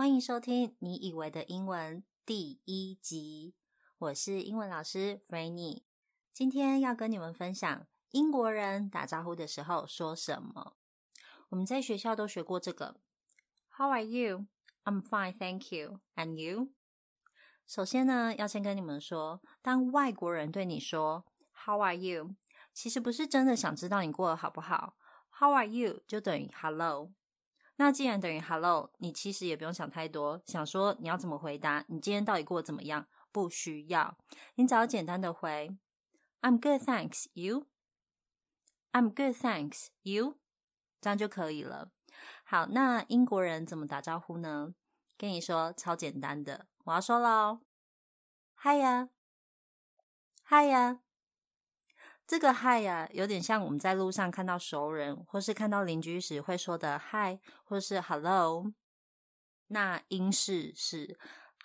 歡迎收聽《你以為的英文》第一集，我是英文老師 Frannie。今天要跟你們分享英國人打招呼的時候說什麼。我們在學校都學過這個：How are you？I'm fine, thank you. And you？首先呢，要先跟你們說，當外國人對你說 “How are you？” 其實不是真的想知道你過得好不好。How are you？就等於 Hello。那既然等於 hello，你其實也不用想太多，想說你要怎麼回答，你今天到底過得怎麼樣？不需要，你只要簡單的回 I'm good, thanks you. I'm good, thanks you，這樣就可以了。好，那英國人怎麼打招呼呢？跟你說超簡單的，我要說了哦，Hi 呀，Hi 呀。這個嗨呀、啊，有點像我們在路上看到熟人或是看到鄰居時會說的嗨，或是 hello。那英式是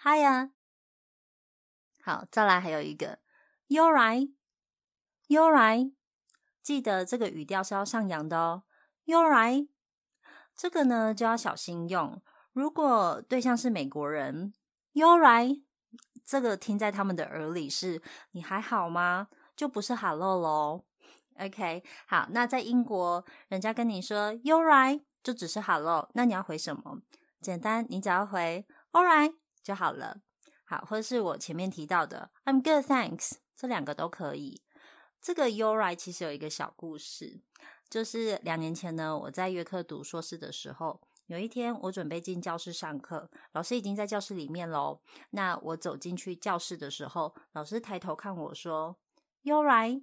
hi 呀、啊。好，再來還有一個，you alright，you alright? You alright? 記得這個語調是要上揚的哦。you alright。這個呢就要小心用，如果對象是美國人，you alright，這個聽在他們的耳裡是你還好嗎？就不是 Hello 嘍，OK，好，那在英國人家跟你說 you alright，就只是 Hello，那你要回什麼？簡單，你只要回 All right 就好了。好，或者是我前面提到的 I'm good，thanks，這兩個都可以。這個 you alright 其實有一個小故事，就是兩年前呢，我在約克讀碩士的時候，有一天我準備進教室上課，老師已經在教室裡面嘍。那我走進去教室的時候，老師抬頭看我說。You alright?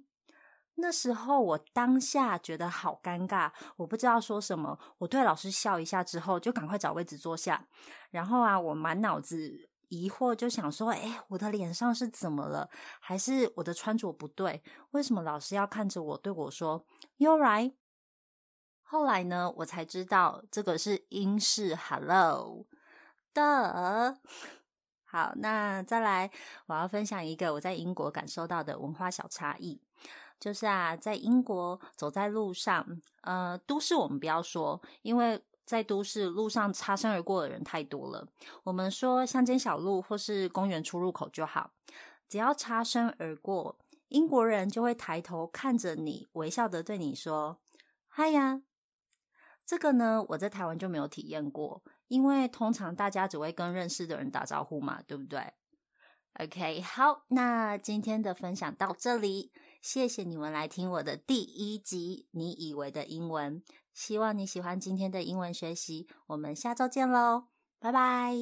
那時候我當下覺得好尷尬，我不知道說什麼。我對老師笑一下之後，就趕快找位置坐下。然後啊，我滿腦子疑惑，就想說：“哎，我的臉上是怎麼了？還是我的穿着不對？為什麼老師要看着我對我說 You alright? 後來呢，我才知道這個是英式 hello 的。的好，那再來，我要分享一個我在英國感受到的文化小差異，就是啊，在英國走在路上，呃，都市我們不要說，因為在都市路上擦身而過的人太多了，我們說鄉間小路或是公園出入口就好，只要擦身而過，英國人就會抬頭看着你，微笑的對你說“嗨呀”，這個呢，我在台灣就沒有體驗過。因為通常大家只會跟認識的人打招呼嘛，對不對？OK，好，那今天的分享到這裡，謝謝你們來聽我的第一集《你以為的英文》，希望你喜歡今天的英文學習，我們下周見咯，拜拜。